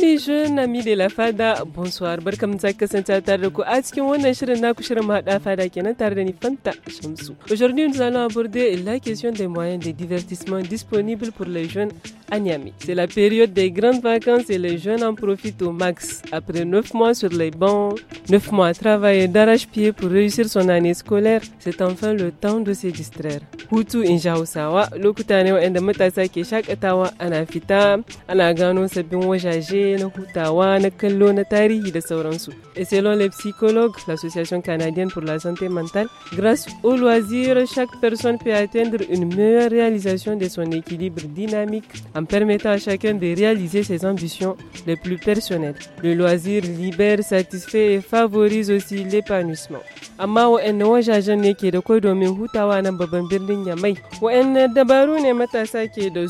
les jeunes amis de la fada, bonsoir, Aujourd'hui, nous allons aborder la question des moyens de divertissement disponibles pour les jeunes à Niami. C'est la période des grandes vacances et les jeunes en profitent au max. Après 9 mois sur les bancs, 9 mois à travailler d'arrache-pied pour réussir son année scolaire, c'est enfin le temps de se distraire. Hutu in et selon les psychologues l'association canadienne pour la santé mentale grâce au loisir chaque personne peut atteindre une meilleure réalisation de son équilibre dynamique en permettant à chacun de réaliser ses ambitions les plus personnelles le loisir libère satisfait et favorise aussi l'épanouissement amma wa'annan ne da hutawa nan birnin dabaru ne matasa ke da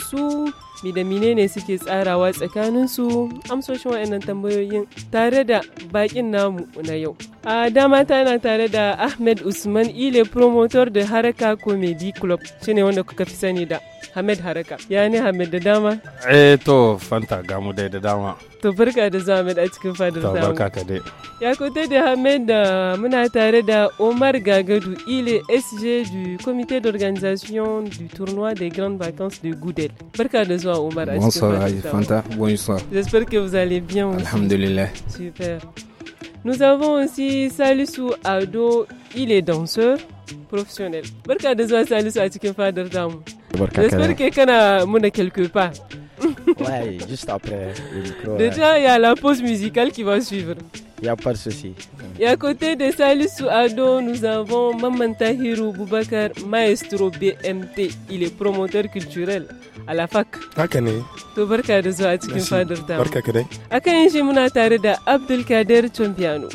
mi da menene suke tsarawa tsakaninsu amsoshin waɗannan tambayoyin tare da bakin namu na yau a dama yana tare da ahmed usman ile promotor da haraka comedy club shine wanda kuka fi sani da hamed haraka ya ne hamed da dama eh to fanta gamu dai da dama to barka da zuwa hamed a cikin fadar tamu barka ka dai ya kuta da hamed da muna tare da omar gagadu ile sg du comité d'organisation du tournoi des grandes vacances de goudel barka da Bonsoir Omar. Fanta, bonsoir. J'espère que vous allez bien. Super. Nous avons aussi Salisu Ado, il est danseur professionnel. Barka de Salisu a cikin J'espère que kana quelque part. ouais, juste après Déjà, il y a la pause musicale qui va suivre. Il n'y a pas ceci. Et à côté de Salisu Ado, nous avons Maman Tahiru Boubakar, maestro BMT. Il est promoteur culturel. a alafak haka ne to barka da zuwa cikin fadar damu barka ka dai akan yin shi muna tare da abdulkadir chompiano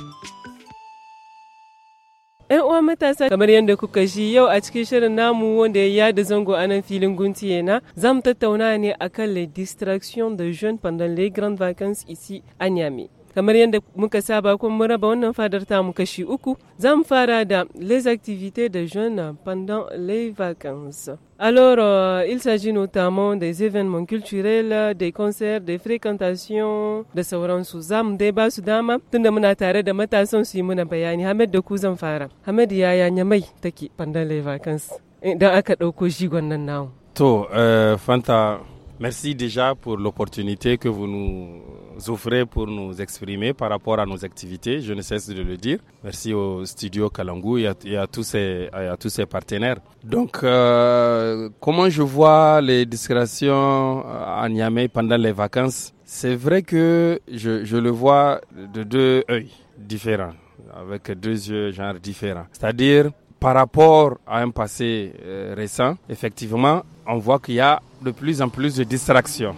yan uwa matasa kamar yadda kuka shi yau a cikin shirin namu wanda ya yada zango a nan filin guntiye na za mu tattauna ne akan le distraction de jeunes pendant les grandes vacances ici a Niamey kamar yadda muka saba kuma mun raba wannan fadar mu kashi uku zan fara da les activités de jeunes pendant les vacances Alors, euh, il s'agit notamment des événements culturels, des concerts, des fréquentations, da sauransu. Za mu dai ba su dama tunda muna tare da matasan su yi muna bayani. Hamad da ku zan fara. Hamad yaya nyamai take pendant les vacances. Eh, idan aka ɗauko jigon nan nawo. To, eh, Fanta Merci déjà pour l'opportunité que vous nous offrez pour nous exprimer par rapport à nos activités, je ne cesse de le dire. Merci au studio Kalangu et à, tous, ses, à tous partenaires. Donc, euh, comment je vois les discrétions euh, à Niamey pendant les vacances C'est vrai que je, le vois de deux yeux différents, avec deux yeux genre différents. C'est-à-dire, par rapport à un passé euh, récent, effectivement, on voit qu'il y a de plus en plus de distractions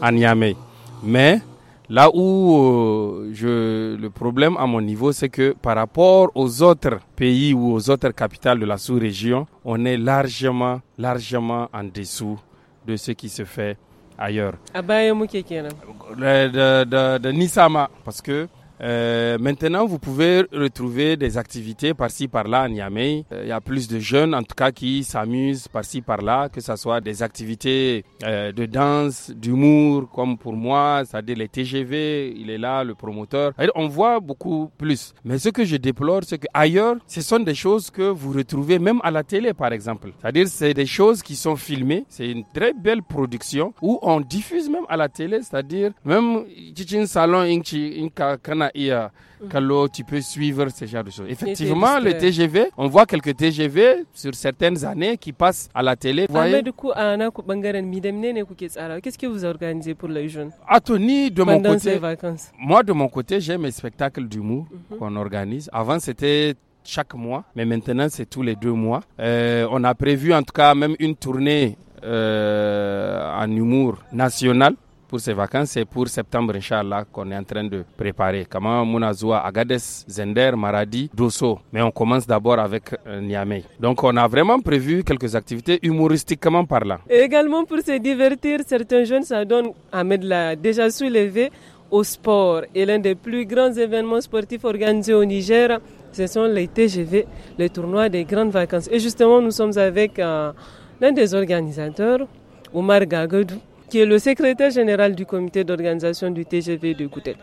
à Niamey. Mais là où euh, je, le problème à mon niveau, c'est que par rapport aux autres pays ou aux autres capitales de la sous-région, on est largement, largement en dessous de ce qui se fait ailleurs. Euh, de, de, de Nisama, parce que euh, maintenant, vous pouvez retrouver des activités par-ci par-là à Niamey. Euh, il y a plus de jeunes, en tout cas, qui s'amusent par-ci par-là, que ce soit des activités euh, de danse, d'humour, comme pour moi, c'est-à-dire les TGV, il est là, le promoteur. On voit beaucoup plus. Mais ce que je déplore, c'est qu'ailleurs, ce sont des choses que vous retrouvez même à la télé, par exemple. C'est-à-dire, c'est des choses qui sont filmées. C'est une très belle production où on diffuse même à la télé, c'est-à-dire même Chichin Salon Inchi Inka euh, mm. tu peux suivre ce genre de choses. Effectivement, le TGV, on voit quelques TGV sur certaines années qui passent à la télé. Qu'est-ce que vous organisez pour les jeunes de côté, moi de mon côté, j'ai mes spectacles d'humour mm-hmm. qu'on organise. Avant, c'était chaque mois, mais maintenant c'est tous les deux mois. Euh, on a prévu en tout cas même une tournée euh, en humour national pour ces vacances. C'est pour septembre, Inch'Allah, qu'on est en train de préparer. Kama Mounazoua, Agadez, Zender, Maradi, Dosso. Mais on commence d'abord avec euh, Niamey. Donc on a vraiment prévu quelques activités humoristiquement parlant. Et également pour se divertir, certains jeunes s'adonnent, à l'a déjà soulevé, au sport. Et l'un des plus grands événements sportifs organisés au Niger, ce sont les TGV, les tournois des grandes vacances. Et justement, nous sommes avec euh, l'un des organisateurs, Omar Gagodou qui est le secrétaire général du comité d'organisation du TGV de Goutel.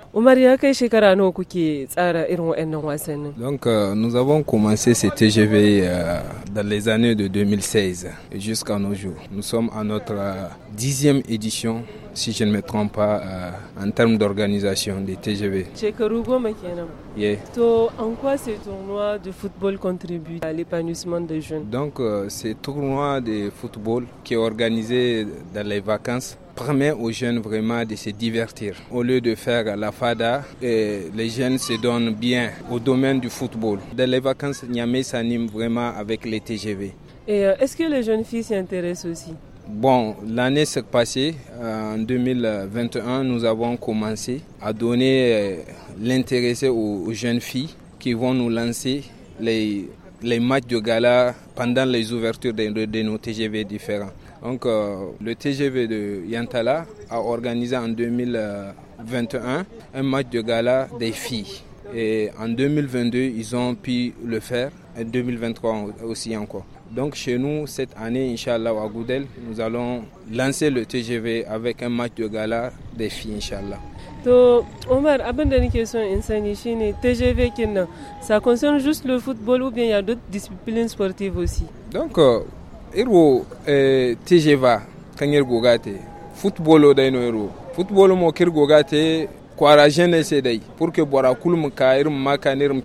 Donc euh, nous avons commencé ce TGV euh, dans les années de 2016 jusqu'à nos jours. Nous sommes à notre euh, dixième édition si je ne me trompe pas, euh, en termes d'organisation des TGV. en quoi ce tournoi de football contribue à l'épanouissement des jeunes Donc, ces euh, ce tournoi de football qui est organisé dans les vacances permet aux jeunes vraiment de se divertir. Au lieu de faire la fada, et les jeunes se donnent bien au domaine du football. Dans les vacances, Niamey s'anime vraiment avec les TGV. Et euh, est-ce que les jeunes filles s'y intéressent aussi Bon, l'année s'est passée. Euh, en 2021, nous avons commencé à donner euh, l'intérêt aux jeunes filles qui vont nous lancer les, les matchs de gala pendant les ouvertures de, nos TGV différents. Donc, euh, le TGV de Yantala a organisé en 2021 un match de gala des filles. Et en 2022, ils ont pu le faire. En 2023 aussi encore. Donc chez nous, cette année, Inch'Allah, à Goudel, nous allons lancer le TGV avec un match de gala des filles, Inch'Allah. To Omar, la question, nake son TGV ça concerne juste le football ou bien il y a d'autres disciplines sportives aussi? Donc, le euh, TGV il y a un football no le Football mo kir le football pour que bora kulum ka irin maka ne irin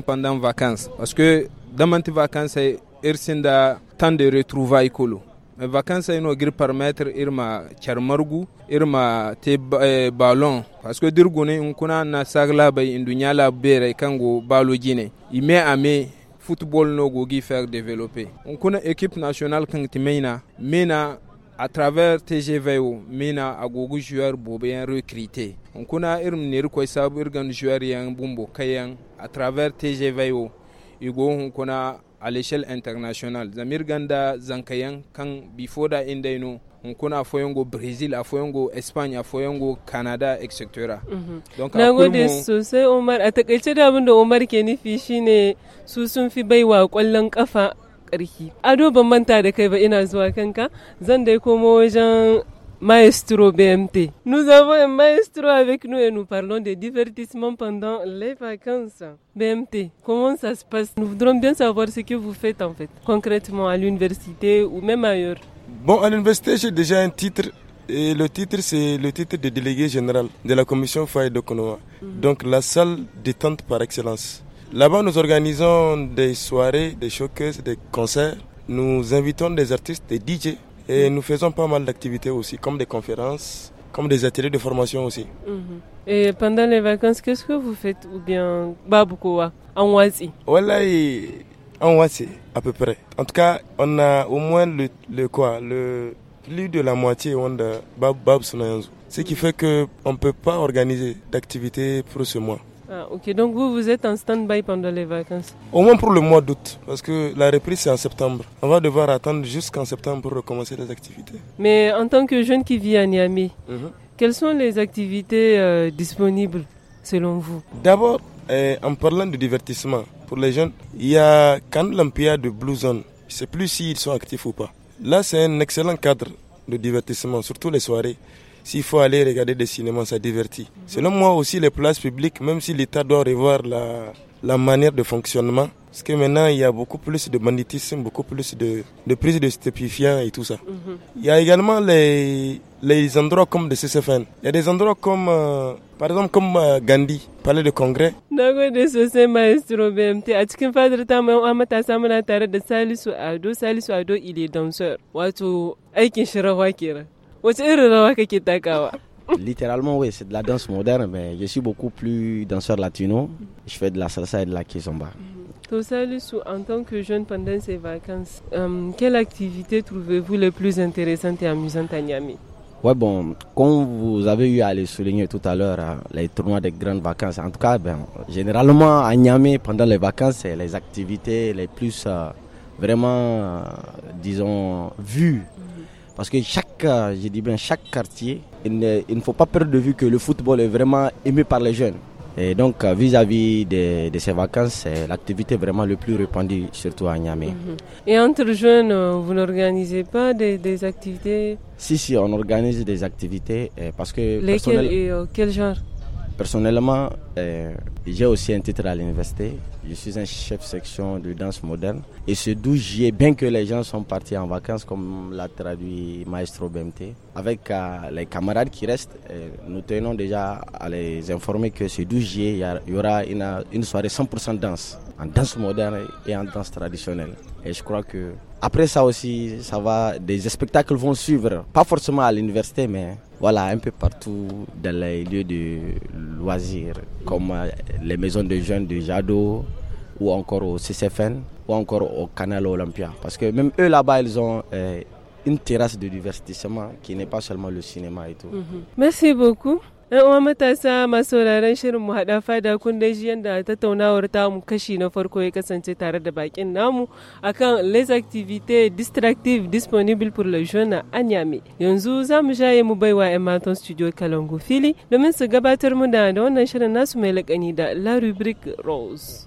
pendant vacances parce que les vacances eh, irsinda tan de retrouvailles kolo euh, vacances ino gir permettre irma charmargu irma te euh, ballon parce que dirgune in kuna na sagla bay indunya la bere kango balo jine ime ame football no go gi faire développer on kuna équipe nationale kan timena mena à travers TGVO mina agogo joueur bobe yan recruter on kuna irm ne ko sabu irgan joueur yan bumbo kayan à travers TGVO igo hun kuna a l'échelle internationale zamir ganda zankayan kan bifoda indaino hunkuna a foyongo brésil a foyongo espagne a foyongo canada etc mhm. donc na gode sosai umar a takaice da abin da umar ke nufi shine su sun fi baiwa kwallon kafa karki ado ban manta da kai ba ina zuwa kanka zan dai komo wajen Maestro BMT. Nous avons un maestro avec nous et nous parlons des divertissements pendant les vacances. BMT, comment ça se passe Nous voudrions bien savoir ce que vous faites en fait, concrètement à l'université ou même ailleurs. Bon, à l'université, j'ai déjà un titre et le titre, c'est le titre de délégué général de la commission Faye de mhm. Donc, la salle détente par excellence. Là-bas, nous organisons des soirées, des showcases, des concerts. Nous invitons des artistes, des DJ et nous faisons pas mal d'activités aussi, comme des conférences, comme des ateliers de formation aussi. Mm-hmm. Et pendant les vacances, qu'est-ce que vous faites Ou bien, beaucoup, en Oasi Voilà, en Oasi, à peu près. En tout cas, on a au moins le, quoi le Plus de la moitié, on a Bab, Ce qui mm-hmm. fait qu'on ne peut pas organiser d'activités pour ce mois. Ah, ok, donc vous, vous êtes en stand-by pendant les vacances Au moins pour le mois d'août, parce que la reprise c'est en septembre. On va devoir attendre jusqu'en septembre pour recommencer les activités. Mais en tant que jeune qui vit à Niamey, mhm. quelles sont les activités euh, disponibles selon vous D'abord, eh, en parlant de divertissement, pour les jeunes, il y a quand de Blue Zone. Je ne sais plus s'ils sont actifs ou pas. Là, c'est un excellent cadre de divertissement, surtout les soirées. S'il faut aller regarder des cinémas, ça divertit. Selon moi aussi, les places publiques, même si l'État doit revoir la, la manière de fonctionnement. Parce que maintenant, il y a beaucoup plus de banditisme, beaucoup plus de, prise de stupéfiants et tout ça. Mhm. Il y a également les, les endroits comme de CCFN. Il y a des endroits comme, euh, par exemple, comme euh, Gandhi, palais de congrès. Littéralement, oui, c'est de la danse moderne, mais je suis beaucoup plus danseur latino. Je fais de la salsa et de la kizomba. sous en tant que jeune pendant ces vacances, euh, quelle activité trouvez-vous les plus intéressante et amusante à Niamey Ouais, bon, comme vous avez eu à le souligner tout à l'heure, hein, les tournois des grandes vacances, en tout cas, ben, généralement à Niamey, pendant les vacances, c'est les activités les plus euh, vraiment, euh, disons, vues. Mhm. Parce que chaque, euh, je dis bien chaque quartier, il ne, faut pas perdre de vue que le football est vraiment aimé par les jeunes. Et donc, euh, vis-à-vis de, ces vacances, c'est l'activité vraiment le plus répandue, surtout à Niamey. Mhm. Et entre jeunes, euh, vous n'organisez pas des, activités Si, si, on organise des activités parce que... Lesquelles et quel genre Personnellement, j'ai aussi un titre à l'université je suis un chef section de danse moderne. Et ce 12 juillet, bien que les gens sont partis en vacances, comme l'a traduit Maestro BMT, avec euh, les camarades qui restent, euh, nous tenons déjà à les informer que ce 12 juillet, il y aura une, une soirée 100% danse, en danse moderne et en danse traditionnelle. Et je crois que après ça aussi, ça va, des spectacles vont suivre, pas forcément à l'université, mais voilà, un peu partout dans les lieux de loisirs, comme euh, les maisons de jeunes de Jadot, ou encore au CCFN ou encore au Canal Olympia. Parce que même eux là-bas, ils ont euh, une terrasse de divertissement qui n'est pas seulement le cinéma et tout. Mm -hmm. Merci beaucoup. yan uwa matasa masu sauraron shirin mu hada fada kun dai shi yanda tattaunawar ta mu kashi na farko ya kasance tare da bakin namu akan les activités distractives disponibles pour le jeune à Niamey yanzu za mu shaye mu baiwa yan matan studio Kalangu fili domin su gabatar mu da wannan shirin nasu mai lakani da la rubrique rose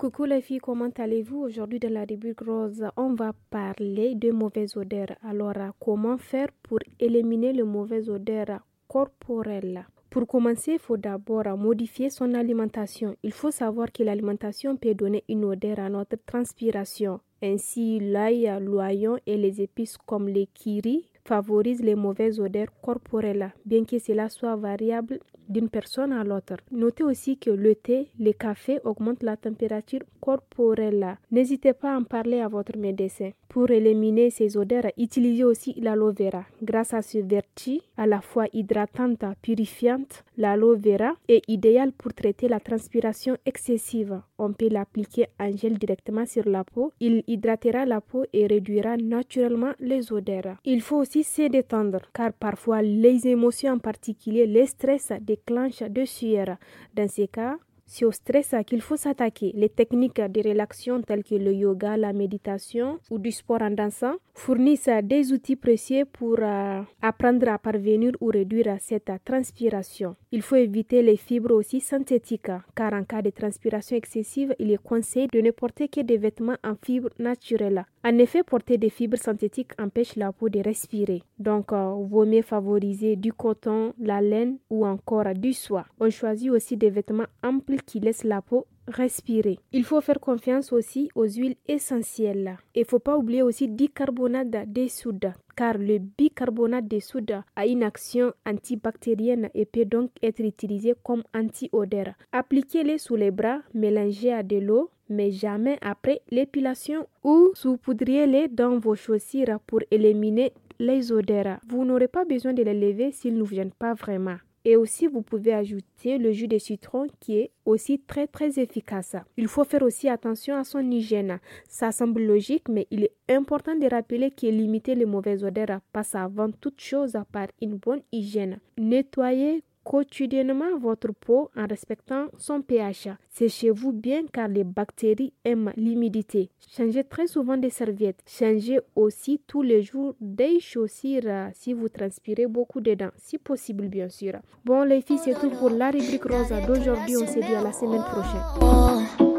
Coucou les filles, comment allez-vous Aujourd'hui dans la rubrique rose, on va parler de mauvaises odeurs. Alors, comment faire pour éliminer les mauvaises odeurs corporelle pour commencer, il faut d'abord modifier son alimentation. Il faut savoir que l'alimentation peut donner une odeur à notre transpiration. Ainsi, l'ail, l'oignon et les épices comme les kiri favorisent les mauvaises odeurs corporelles. Bien que cela soit variable, d'une personne à l'autre. Notez aussi que le thé, le café augmentent la température corporelle. N'hésitez pas à en parler à votre médecin. Pour éliminer ces odeurs, utilisez aussi l'aloe vera. Grâce à ce vertu à la fois hydratante, purifiante, l'aloe vera est idéal pour traiter la transpiration excessive. On peut l'appliquer en gel directement sur la peau. Il hydratera la peau et réduira naturellement les odeurs. Il faut aussi se détendre car parfois les émotions, en particulier les stress, des clanche de sueur. Dans ces cas, c'est au stress qu'il faut s'attaquer. Les techniques de relaxation telles que le yoga, la méditation ou du sport en dansant fournissent des outils précieux pour euh, apprendre à parvenir ou réduire cette transpiration. Il faut éviter les fibres aussi synthétiques car en cas de transpiration excessive, il est conseillé de ne porter que des vêtements en fibres naturelles. En effet, porter des fibres synthétiques empêche la peau de respirer. Donc, il euh, vaut mieux favoriser du coton, la laine ou encore du soie. On choisit aussi des vêtements amples qui laisse la peau respirer. Il faut faire confiance aussi aux huiles essentielles. ne faut pas oublier aussi bicarbonate des soude, car le bicarbonate de soude a une action antibactérienne et peut donc être utilisé comme anti-odeur. Appliquez-les sous les bras, mélangez à de l'eau, mais jamais après l'épilation ou saupoudriez-les dans vos chaussures pour éliminer les odeurs. Vous n'aurez pas besoin de les lever s'ils ne viennent pas vraiment. Et aussi, vous pouvez ajouter le jus de citron qui est aussi très très efficace. Il faut faire aussi attention à son hygiène. Ça semble logique, mais il est important de rappeler que limiter les mauvaises odeurs passe avant toute chose par une bonne hygiène. Nettoyer, quotidiennement votre peau en respectant son pH. Séchez-vous bien car les bactéries aiment l'humidité. Changez très souvent des serviettes. Changez aussi tous les jours des chaussures euh, si vous transpirez beaucoup dedans, si possible bien sûr. Bon les filles, c'est tout pour la rubrique rosa d'aujourd'hui. On se dit à la semaine prochaine.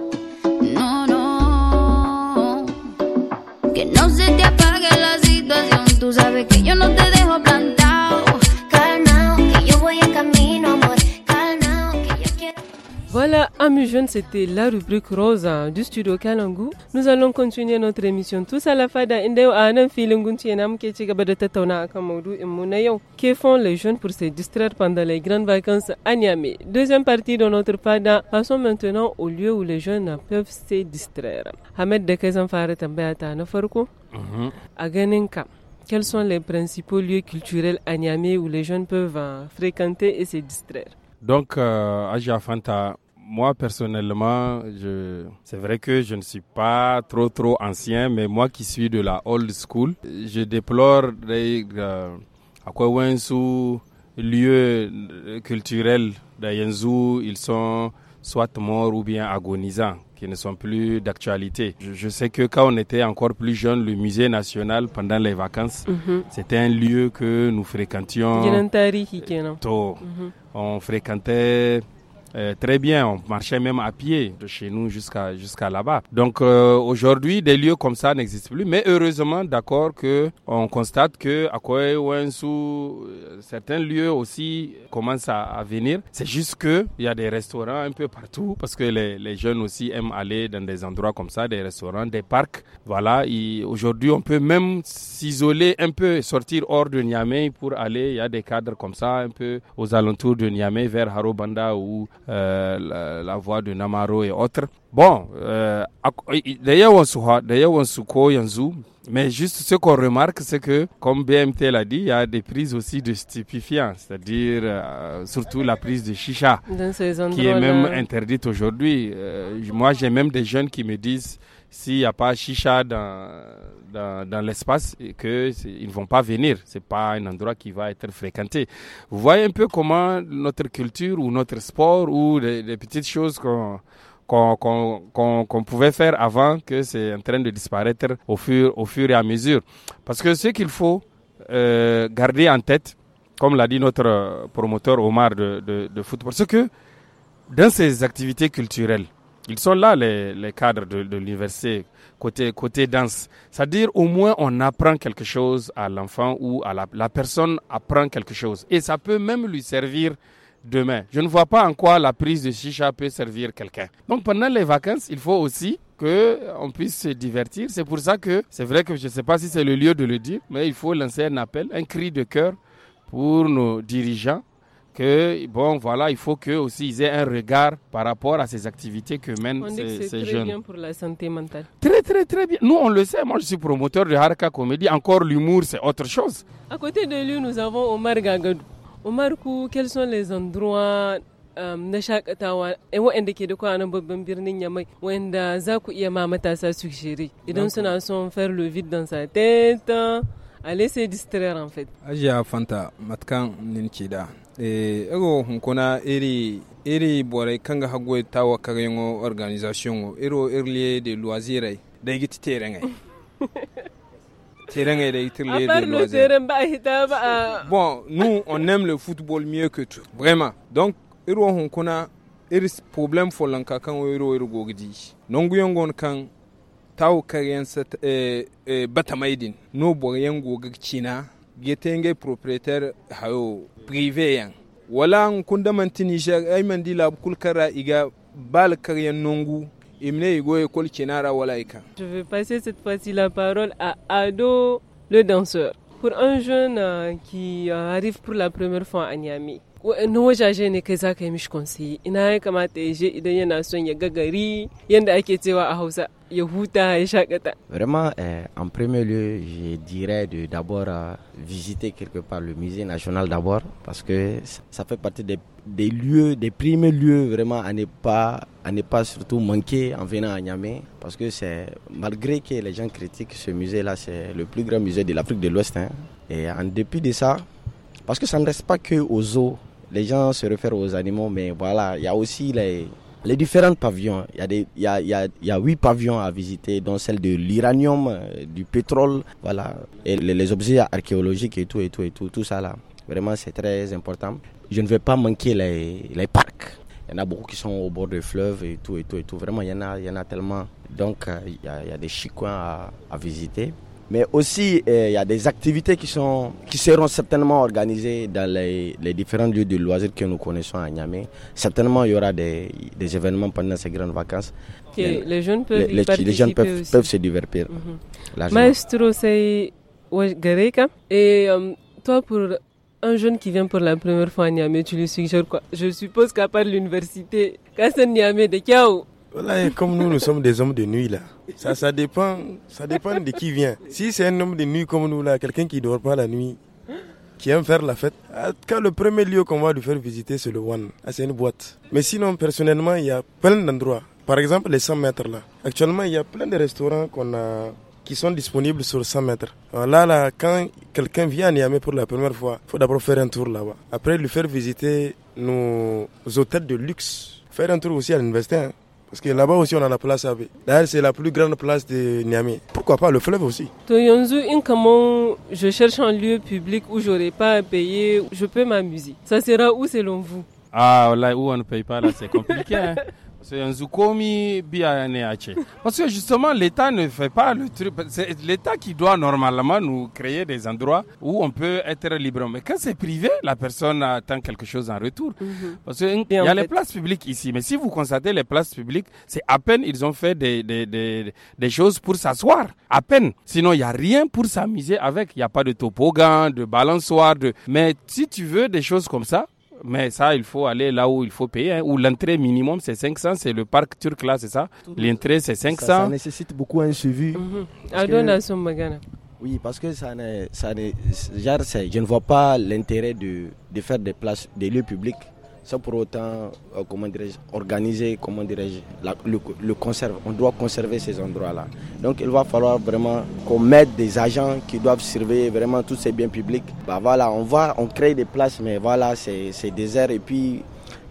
que se la que te Voilà, amis jeunes, c'était la rubrique rose hein, du studio Kalangu. Nous allons continuer notre émission tous à la fada ah, Que font les jeunes pour se distraire pendant les grandes vacances à Niamey? Deuxième partie de notre fada, passons maintenant au lieu où les jeunes peuvent se distraire. Ahmed da as Mbeata fara tambaya ta na quels sont les principaux lieux culturels à Niamey où les jeunes peuvent hein, fréquenter et se distraire? Donc, euh, Aja Fanta, moi personnellement, je... c'est vrai que je ne suis pas trop trop ancien, mais moi qui suis de la old school, je déplore les euh, lieux euh, culturels d'Ayenzu, ils sont soit morts ou bien agonisants qui ne sont plus d'actualité. Je, sais que quand on était encore plus jeune, le musée national pendant les vacances, mhm. c'était un lieu que nous fréquentions. Mhm. On fréquentait euh, très bien. On marchait même à pied de chez nous jusqu'à jusqu'à là-bas. Donc euh, aujourd'hui, des lieux comme ça n'existent plus. Mais heureusement, d'accord, que on constate que à Koe, euh, certains lieux aussi commencent à, venir. C'est juste que il y a des restaurants un peu partout parce que les, les, jeunes aussi aiment aller dans des endroits comme ça, des restaurants, des parcs. Voilà. Aujourd'hui, on peut même s'isoler un peu, sortir hors de Niamey pour aller. Il y a des cadres comme ça un peu aux alentours de Niamey vers Harobanda ou euh, la, voix de Namaro et autres. Bon, euh, on yawansu d'ailleurs on mais juste ce qu'on remarque, c'est que, comme BMT l'a dit, il y a des prises aussi de stupéfiants, c'est-à-dire euh, surtout la prise de chicha, qui est même interdite aujourd'hui. Euh, moi, j'ai même des jeunes qui me disent, s'il n'y a pas chicha dans, dans, dans l'espace, qu'ils ne vont pas venir. Ce n'est pas un endroit qui va être fréquenté. Vous voyez un peu comment notre culture ou notre sport ou les, les petites choses qu'on qu'on pouvait faire avant que c'est en train de disparaître au fur, au fur et à mesure. Parce que ce qu'il faut euh, garder en tête, comme l'a dit notre promoteur Omar de, de, football, c'est que dans ces activités culturelles, ils sont là les, cadres de, de l'université côté côté danse. C'est-à-dire au moins on apprend quelque chose à l'enfant ou à la, la, personne apprend quelque chose et ça peut même lui servir demain. Je ne vois pas en quoi la prise de chicha peut servir quelqu'un. Donc pendant les vacances, il faut aussi que on puisse se divertir. C'est pour ça que c'est vrai que je ne sais pas si c'est le lieu de le dire, mais il faut lancer un appel, un cri de cœur pour nos dirigeants que bon voilà il faut que aussi ils aient un regard par rapport à ces activités que mènent on ces, dit que très jeunes. Bien pour la santé mentale. Très très très bien. Nous on le sait. Moi je suis promoteur de Harka Comédie. Encore l'humour c'est autre chose. À côté de lui nous avons Omar Gagadou. Umarku, quels sont les endroits um, na shakatawa eh, waɗanda ke da kwanan babban birnin yamai wanda za ku iya ma matasa su shiri idan suna son faire le vide dans sa tête a se distraire en fait ajiya fanta matkan nin ce da eh ego hunkuna iri iri borai kanga hagwe tawa karengo organisation iro irliye de loisirs da gititerengai Bon, nous, on aime le football mieux que tout. Vraiment. Donc, on connaît iris problem folan ka kan wero wero gogdi nongu yongon kan taw kariyan eh, eh, batamaidin no boryan na getenge propriétaire hayo privé yan wala kun da manti niger ay kulkara iga bal kariyan nongu je vais passer cette fois-ci la parole à Ado, le danseur. Pour un jeune euh, qui euh, arrive pour la première fois à Niamey, wa'annan jaje ne kai za ka yi mishi konsayi ina ya kamata ya je idan yana son ya ga yadda ake cewa a hausa et vraiment eh, en premier lieu je dirais de d'abord euh, visiter quelque part le musée national d'abord parce que ça fait partie des, lieux des premiers lieux vraiment à ne pas à ne pas surtout manquer en venant à Niamey parce que c'est malgré que les gens critiquent ce musée là c'est le plus grand musée de l'Afrique de l'Ouest hein. et en dépit de ça parce que ça ne reste pas que aux eaux les gens se réfèrent aux animaux mais voilà il y a aussi les les différents pavillons. Il y a il y a, il y a, huit pavillons à visiter, dont celle de l'uranium, euh, du pétrole, voilà, et les, objets archéologiques et tout et tout et tout, tout ça là. Vraiment, c'est très important. Je ne vais pas manquer les, les parcs. Il y en a beaucoup qui sont au bord des fleuves et tout et tout et tout. Vraiment, il y en a, il y en a tellement. Donc, euh, il y a, des chicoins à, à visiter. Mais aussi, euh, il y a des activités qui, sont, qui seront certainement organisées dans les, les différents lieux de loisirs que nous connaissons à Niamey. Certainement, il y aura des, des événements pendant ces grandes vacances. Les, jeunes peuvent, jeunes peuvent, se divertir. Mhm. Maestro, c'est Gareka. Hein. Et euh, toi, pour un jeune qui vient pour la première fois à Niamey, tu lui suggères quoi Je suppose qu'à part l'université, Kassan Niamey de Kiao comme nous, nous sommes des hommes de nuit là. Ça, ça dépend, ça dépend de qui vient. Si c'est un homme de nuit comme nous là, quelqu'un qui dort pas la nuit, qui aime faire la fête, ah, quand le premier lieu qu'on va lui faire visiter, c'est le One. Ah, c'est une boîte. Mais sinon, personnellement, il y a plein d'endroits. Par exemple, les 100 mètres là. Actuellement, il y a plein de restaurants qu'on a qui sont disponibles sur 100 mètres. Ah, là, là, quand quelqu'un vient à Niamey pour la première fois, il faut d'abord faire un tour là-bas. Après, lui faire visiter nos hôtels de luxe. Faire un tour aussi à l'université. Hein. Parce que là-bas aussi, on a la place à D'ailleurs, c'est la plus grande place de Niamey. Pourquoi pas le fleuve aussi je cherche un lieu public où n'aurai pas à payer, je peux m'amuser. Ça sera où selon vous Ah, là où on ne paye pas, là, c'est compliqué. Hein. C'est un zoukomi bianéaché. Parce que justement, l'État ne fait pas le truc. C'est l'État qui doit normalement nous créer des endroits où on peut être libre. Mais quand c'est privé, la personne attend quelque chose en retour. Mhm. Parce qu'il y a les places publiques ici. Mais si vous constatez les places publiques, c'est à peine ils ont fait des, des, des, des choses pour s'asseoir. À peine. Sinon, il n'y a rien pour s'amuser avec. Il n'y a pas de toboggan, de balançoire. De... Mais si tu veux des choses comme ça, mais ça, il faut aller là où il faut payer. Hein. où l'entrée minimum, c'est 500. C'est le parc turc là, c'est ça L'entrée, c'est 500. Ça, nécessite beaucoup un suivi. Mhm. Ah, oui, parce que ça, ça je ne vois pas l'intérêt de, de faire des places, des lieux publics sans pour autant euh, comment organiser comment la, le, le conserve. On doit conserver ces endroits-là. Donc il va falloir vraiment qu'on mette des agents qui doivent surveiller vraiment tous ces biens publics. Bah voilà, on va, on crée des places, mais voilà, c'est désert et puis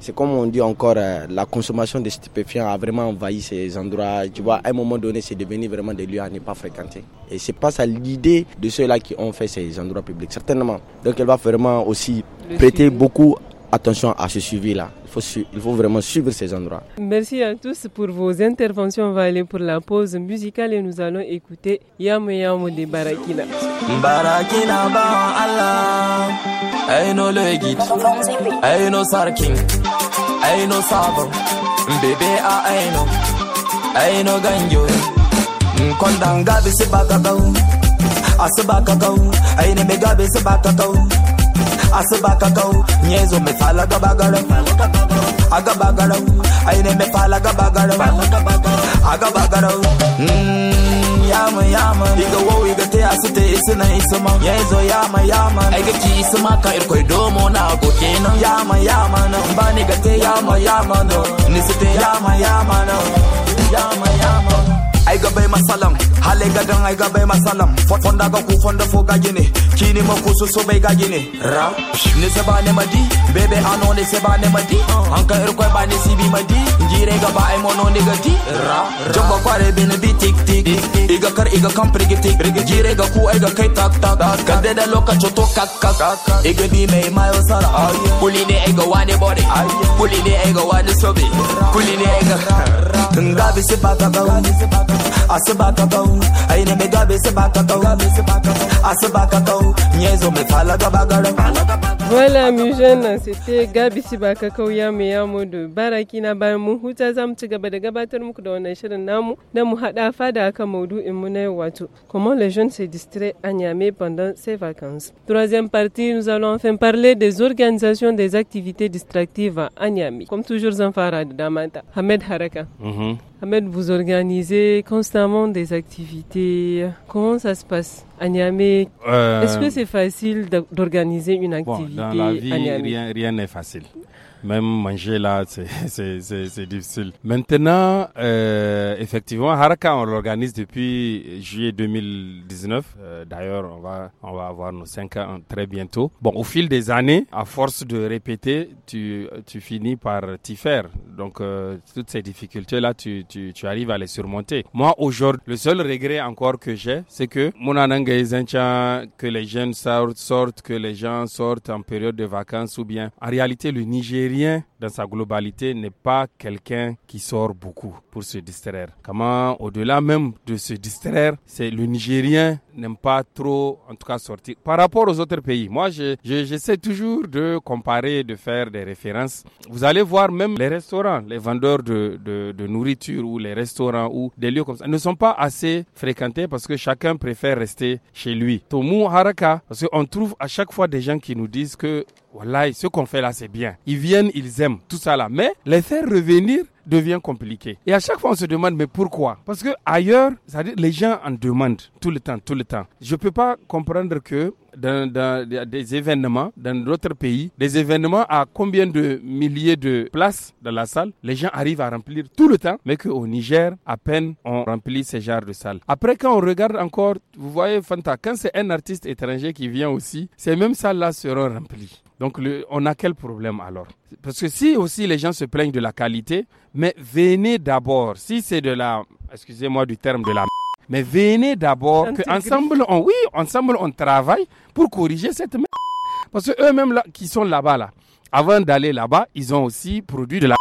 c'est comme on dit encore, euh, la consommation de stupéfiants a vraiment envahi ces endroits. Tu vois, à un moment donné, c'est devenu vraiment des lieux à ne pas fréquenter. Et c'est pas ça l'idée de ceux-là qui ont fait ces endroits publics, certainement. Donc, elle va vraiment aussi péter beaucoup attention à ce suivi-là. Il faut, il faut vraiment suivre ces endroits. Merci à tous pour vos interventions. On va aller pour la pause musicale et nous allons écouter Yam Yamou de Barakina. Barakina ba Allah, Aino guide, Aino sarking. Aino Sabo, Bébé a Aino, Aino Ganyo, Kondangabi Sebakakao, Asebakakao, Aine se Sebakakao. asuba baka kau nyezo me fala ga aga bagara aine me fala ga aga bagara mm, yama yama iga wo iga te asite isina isuma nyezo yama yama aiga ki isuma ka irko domo na go kena yama yama na. bani ga te yama yama no nisite yama yama na. yama yama ai ga bai masalam hale ga dan ai ga bai masalam fonda ga ku fonda fo ga kini ma ku so bai ga gine ne se ba ne madi bebe ano ah ne se ba ne madi an ka ir er ba ne si bi madi jire ga ba emo no ne ga Ra, rap kware bin bi tik tik iga kar iga kan prigi tik jire ga ku ai ga kai tak tak ga de da lokaci to kak kak iga bi mai mayo sara kuli ne ai ga wani body kuli ne ai ga wani sobe kuli ne ai ga tunga bi se ba ga asibakakau aine megabe sebakakau asibakakau nyezo mefalagabagaro Voilà, mes jeunes, c'était Gabi Sibaka Kauya Barakina Bay, Huta zam ci namu da fada comment les jeunes se distraient à Niamey pendant ces vacances. Troisième partie, nous allons enfin parler des organisations des activités distractives à Niamey. Comme toujours Zanfara de Damanta, Ahmed Haraka. Mhm. Ahmed, vous organisez constamment des activités. Comment ça se passe est-ce euh, que c'est facile d'organiser une activité rien n'est facile. Même manger là, c'est difficile. Maintenant, euh, effectivement, Haraka, on l'organise depuis juillet 2019. Euh, d'ailleurs, on va, on va avoir nos 5 ans très bientôt. Bon, au fil des années, à force de répéter, tu, tu finis par t'y faire. Donc, euh, toutes ces difficultés-là, tu, tu, tu, arrives à les surmonter. Moi, aujourd'hui, le seul regret encore que j'ai, c'est que que les jeunes sortent, sortent, que les gens sortent en période de vacances ou bien, en réalité, le Niger rien dans sa globalité, n'est pas quelqu'un qui sort beaucoup pour se distraire. Comment, au-delà même de se distraire, c'est le Nigérien n'aime pas trop, en tout cas, sortir. Par rapport aux autres pays, moi, j'essaie toujours de comparer, de faire des références. Vous allez voir même les restaurants, les vendeurs de, de nourriture ou les restaurants ou des lieux comme ça ne sont pas assez fréquentés parce que chacun préfère rester chez lui. Tomu Haraka, parce qu'on trouve à chaque fois des gens qui nous disent que, voilà, ce qu'on fait là, c'est bien. Ils viennent, ils aiment tout ça là. Mais les faire revenir devient compliqué. Et à chaque fois, on se demande, mais pourquoi Parce que ailleurs, cest les gens en demandent tout le temps, tout le temps. Je ne peux pas comprendre que dans, dans, des événements, dans d'autres pays, des événements à combien de milliers de places dans la salle, les gens arrivent à remplir tout le temps, mais qu'au Niger, à peine on remplit ces genres de salles. Après, quand on regarde encore, vous voyez, Fanta, quand c'est un artiste étranger qui vient aussi, ces mêmes salles-là seront remplies. Donc, on a quel problème alors Parce que si aussi les gens se plaignent de la qualité, mais venez d'abord, si c'est de la, excusez-moi du terme de la mais venez d'abord ensemble on, oui, ensemble, on travaille pour corriger cette merde. Parce que eux-mêmes qui sont là-bas, là, avant d'aller là-bas, ils ont aussi produit de la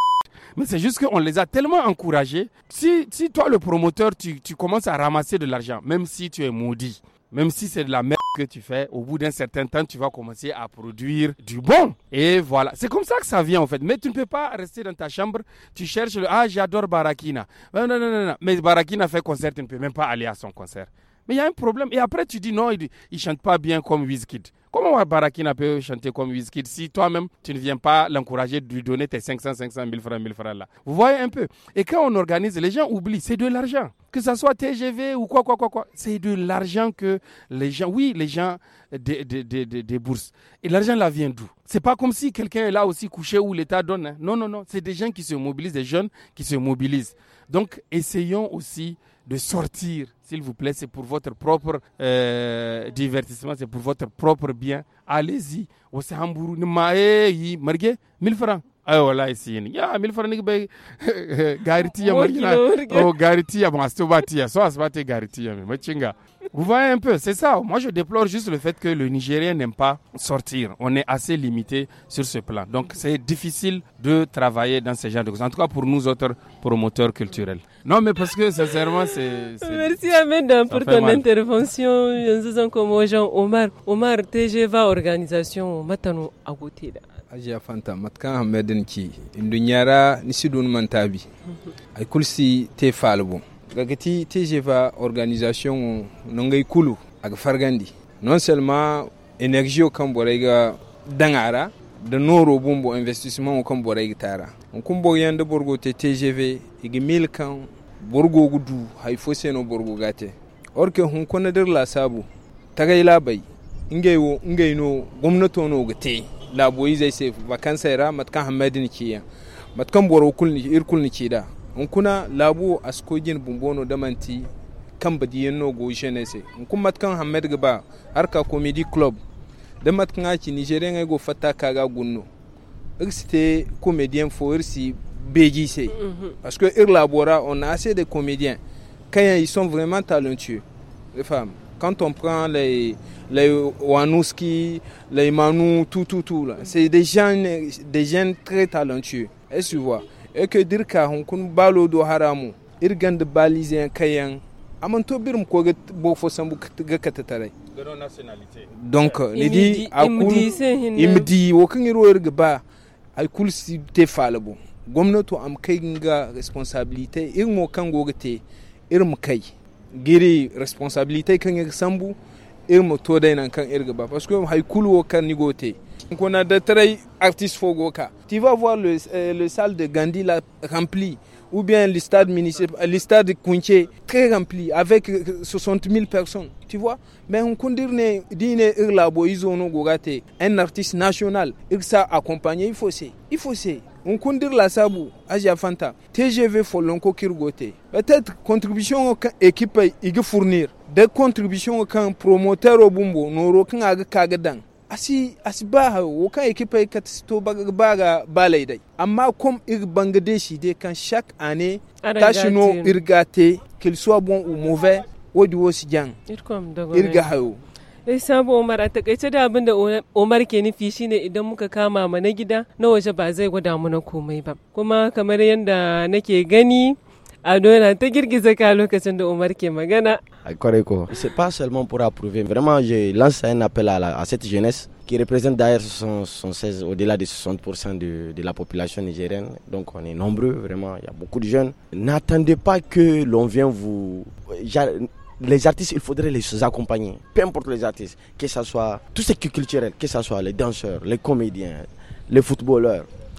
mais c'est juste qu'on les a tellement encouragés. Si, si toi, le promoteur, tu, tu commences à ramasser de l'argent, même si tu es maudit, même si c'est de la merde, tu fais, au bout d'un certain temps, tu vas commencer à produire du bon. Et voilà. C'est comme ça que ça vient en fait. Mais tu ne peux pas rester dans ta chambre. Tu cherches le Ah, j'adore Barakina. Euh, non, non, non. Mais Barakina fait concert, tu ne peux même pas aller à son concert. Mais il y a un problème. Et après, tu dis non, il ne chante pas bien comme Wizkid. Comment Barakina peut chanter comme Wizkid si toi-même, tu ne viens pas l'encourager de lui donner tes 500, 500, 1000 francs, 1000 francs là Vous voyez un peu Et quand on organise, les gens oublient, c'est de l'argent. Que ce soit TGV ou quoi, quoi, quoi, quoi. C'est de l'argent que les gens, oui, les gens des, bourses. Et l'argent là vient d'où C'est pas comme si quelqu'un est là aussi couché où l'État donne. Hein. Non, non, non. C'est des gens qui se mobilisent, des jeunes qui se mobilisent. Donc essayons aussi de sortir, s'il vous plaît, c'est pour votre propre euh, divertissement, c'est pour votre propre bien. Allez-y. Wasu hamburu ni maye eh, 1000 francs. Ay Ya 1000 francs c'est bai garitiya margina. Oh garitiya c'est su ba c'est So asbate vous voyez un peu, c'est ça. Moi, je déplore juste le fait que le Nigérien n'aime pas sortir. On est assez limité sur ce plan. Donc, c'est difficile de travailler dans ce genre de choses. En tout cas, pour nous autres promoteurs culturels. Non, mais parce que, sincèrement, c'est... Merci, Ahmed, hein, pour ton intervention. Nous sommes aux gens. Omar. Omar, TG organisation matano a gote Fanta, matkan Ahmedin ki, indun yara mantabi. Ai kulsi te daga ti tejeva organisation ngai kulu aga fargandi non seulement energie kan borai ga dangara da noro bumbo investissement kan borai ga tara kun bo yanda borgo te tgv igi mil kan borgo gudu hay haifo seno borgo gate orke hun kona dir la sabu tagay labai ingay wo ingay no gwamnato no gate laboyi zai se vakansa ra matkan hamadin kiya matkan boro kulni ir kulni da nkuna labu askojin bumbono damanti kan badiyen no go jenese nkun matkan hamed gba harka comedy club da matkan aki nigerian go fata kaga gunno irsite comédien fo irsi beji se parce mhm. que ir labora on a assez de comédiens quand ils sont vraiment talentueux les femmes quand on prend les les Wanouski, les Manou, tout, tout, tout, là. C'est des gens, des gens très talentueux. Et tu vois. eke dirka kun balo do haramu irgan da balize kayan amon to birum ko ga bo fo sambu ga katatare donc ni di akul imdi wo kan iro irga ba ay kul si te falabo gwamnati am kai ga responsabilité irin mo kan goga te irin kai giri responsabilité kan ga sambu irin mo to dai nan kan irga ba parce que hay kul wo kan ni gote on a des très artistes Fogoka. Tu vas voir le, euh, le salle de Gandhi là, rempli, ou bien le stade municipal, euh, le stade Kunche, très rempli, avec 60 euh, 000 personnes. Tu vois Mais on peut dire qu'il y a un artiste national. Il s'est accompagné, il faut c'est. Il faut c'est. On conduit la SABU, Asia Fanta, TGV Folonko Kirgote. Peut-être contribution équipe il fournir. Des contributions qu'un promoteur au Bumbo, nous aucun asi asi ba ha wo kan ekipe ka to bara balai dai amma kom ir bangladeshi dai kan chaque Ta tashino irgate qu'il soit bon ou mauvais wodi wosi jan E hayo eh, Sabu Omar a takaice da abin da Omar ke nufi shine idan muka kama ma na gida na waje ba zai gwada mana komai ba. Kuma kamar yadda nake gani C'est pas seulement pour approuver. Vraiment, je lance un appel à, cette jeunesse qui représente d'ailleurs 76, au-delà de 60% de, de, la population nigérienne. Donc on est nombreux, vraiment, il y a beaucoup de jeunes. N'attendez pas que l'on vienne vous... Les artistes, il faudrait les accompagner. Peu importe les artistes, que ce soit tout ce qui est culturel, que ce soit les danseurs, les comédiens, les footballeurs.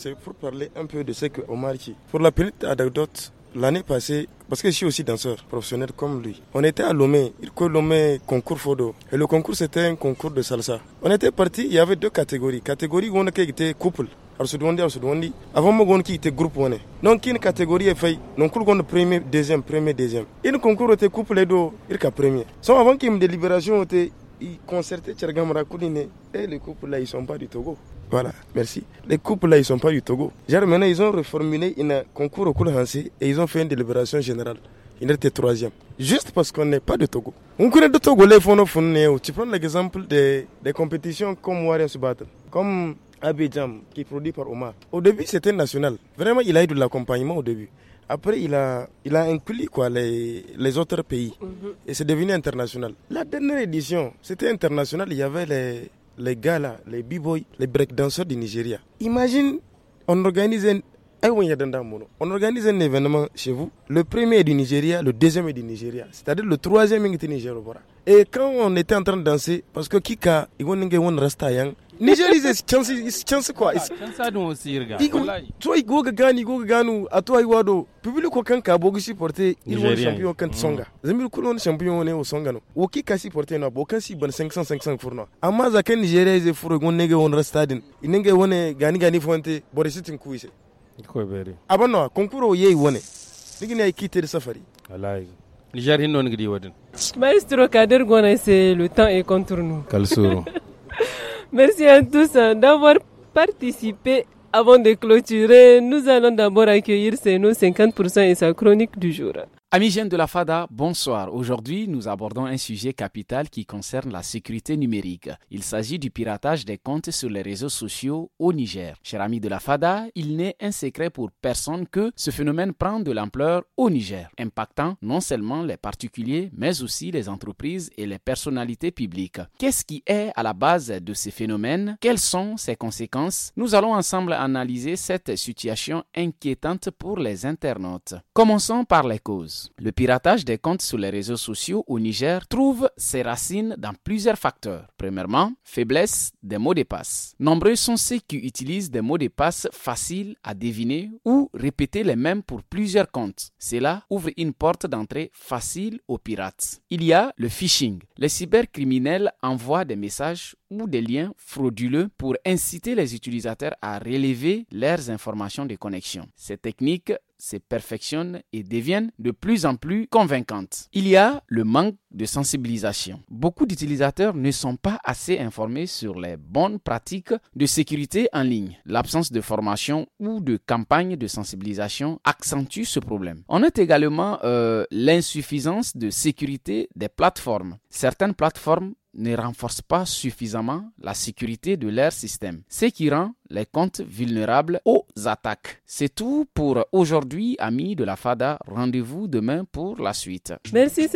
C'est pour parler un peu de ce que Omar dit. Pour la petite anecdote, l'année passée, parce que je suis aussi danseur professionnel comme lui, on était à Lomé, il Irko Lomé concours photo. Et le concours, c'était un concours de salsa. On était parti, il y avait deux catégories. Catégorie où on était couple. avant on a était était groupe est. Donc une catégorie il non kul le premier deuxième premier deuxième Et le concours était couple y il le premier so avant qu'il une délibération était, il concertait tchergamra et les couples là ils sont pas du Togo voilà, merci. Les couples là, ils sont pas du Togo. Genre maintenant, ils ont reformulé un concours au cours et ils ont fait une délibération générale. Il était troisième. Juste parce qu'on n'est pas de Togo. On connaît du Togo, les fonds Tu prends l'exemple des, des compétitions comme Warriors Battle, comme Abidjan, qui est produit par Omar. Au début, c'était national. Vraiment, il a eu de l'accompagnement au début. Après, il a, il a inclus quoi, les, les autres pays. Mhm. Et c'est devenu international. La dernière édition, c'était international. Il y avait les, les galas, les b-boys, les breakdancers du Nigeria. Imagine, on organise un, on organise un événement chez vous. Le premier est du Nigeria, le deuxième est du Nigeria. C'est-à-dire le troisième est du Nigeria. Et quand on était en train de danser, parce que Kika, il reste à Yang. Niger, il chance quoi. Ah, toi, il go gani, go ganu, à toi, il wado. Public qui a bogusi supporté. il mm. est champion quand songa. Zemil kulon champion au songa no. Ou Kika si porté na, bokan si bon 500, 500 fourno. Amaza ken Nigeria, il est fourgon nege restadin. Il nege gani gani fonte, borisitin kuise iko beri abanno konkuro yeyi wone ligina ay kitere safari wallahi niger hinno ngidi wadin maestro kader gona c'est le temps est contre nous kalsuru merci à tous hein, d'avoir participé avant de clôturer nous allons d'abord accueillir nos 50% et sa chronique du jour Amis jeunes de la FADA, bonsoir. Aujourd'hui, nous abordons un sujet capital qui concerne la sécurité numérique. Il s'agit du piratage des comptes sur les réseaux sociaux au Niger. Chers amis de la FADA, il n'est un secret pour personne que ce phénomène prend de l'ampleur au Niger, impactant non seulement les particuliers, mais aussi les entreprises et les personnalités publiques. Qu'est-ce qui est à la base de ces phénomènes Quelles sont ses conséquences Nous allons ensemble analyser cette situation inquiétante pour les internautes. Commençons par les causes. Le piratage des comptes sur les réseaux sociaux au Niger trouve ses racines dans plusieurs facteurs. Premièrement, faiblesse des mots de passe. Nombreux sont ceux qui utilisent des mots de passe faciles à deviner ou répéter les mêmes pour plusieurs comptes. Cela ouvre une porte d'entrée facile aux pirates. Il y a le phishing. Les cybercriminels envoient des messages ou des liens frauduleux pour inciter les utilisateurs à relever leurs informations de connexion. Ces techniques se perfectionnent et deviennent de plus en plus convaincantes. Il y a le manque de sensibilisation. Beaucoup d'utilisateurs ne sont pas assez informés sur les bonnes pratiques de sécurité en ligne. L'absence de formation ou de campagne de sensibilisation accentue ce problème. On note également euh, l'insuffisance de sécurité des plateformes. Certaines plateformes ne renforce pas suffisamment la sécurité de leur système, ce qui rend les comptes vulnérables aux attaques. C'est tout pour aujourd'hui, amis de la FADA. Rendez-vous demain pour la suite. Merci,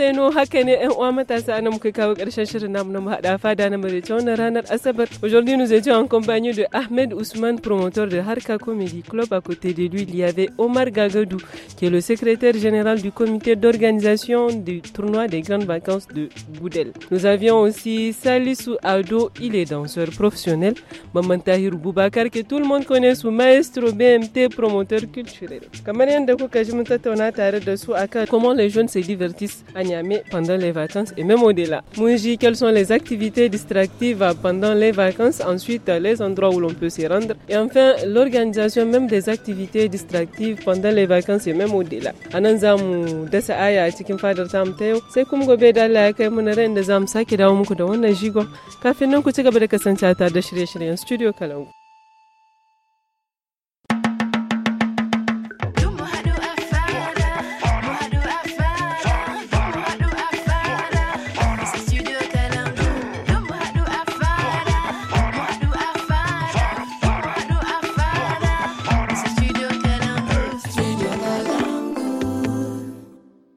Aujourd'hui, nous étions en compagnie de Ahmed Ousmane, promoteur de Harka Comedy Club. À côté de lui, il y avait Omar Gagadou, qui est le secrétaire général du comité d'organisation du tournoi des grandes vacances de Boudel. Nous avions aussi Salisu Ado, il est danseur professionnel. Maman Tahir Boubaka, Abubakar que tout le monde connaît sous Maestro BMT, promoteur culturel. Kamar yadda kuka ji mun tattauna tare da su akan comment les jeunes se divertissent à Niamey pendant les vacances et même au-delà. Mun ji quelles sont les activités distractives pendant les vacances, ensuite les endroits où l'on peut s'y rendre et enfin l'organisation même des activités distractives pendant les vacances et même au-delà. Anan za mu dasa aya a cikin fadar tamu ta yau sai kuma gobe da Allah ya kai mu na ran da za mu sake dawo muku da wannan jigon kafin nan ku ci gaba da kasance da shirye-shiryen studio Kalangu.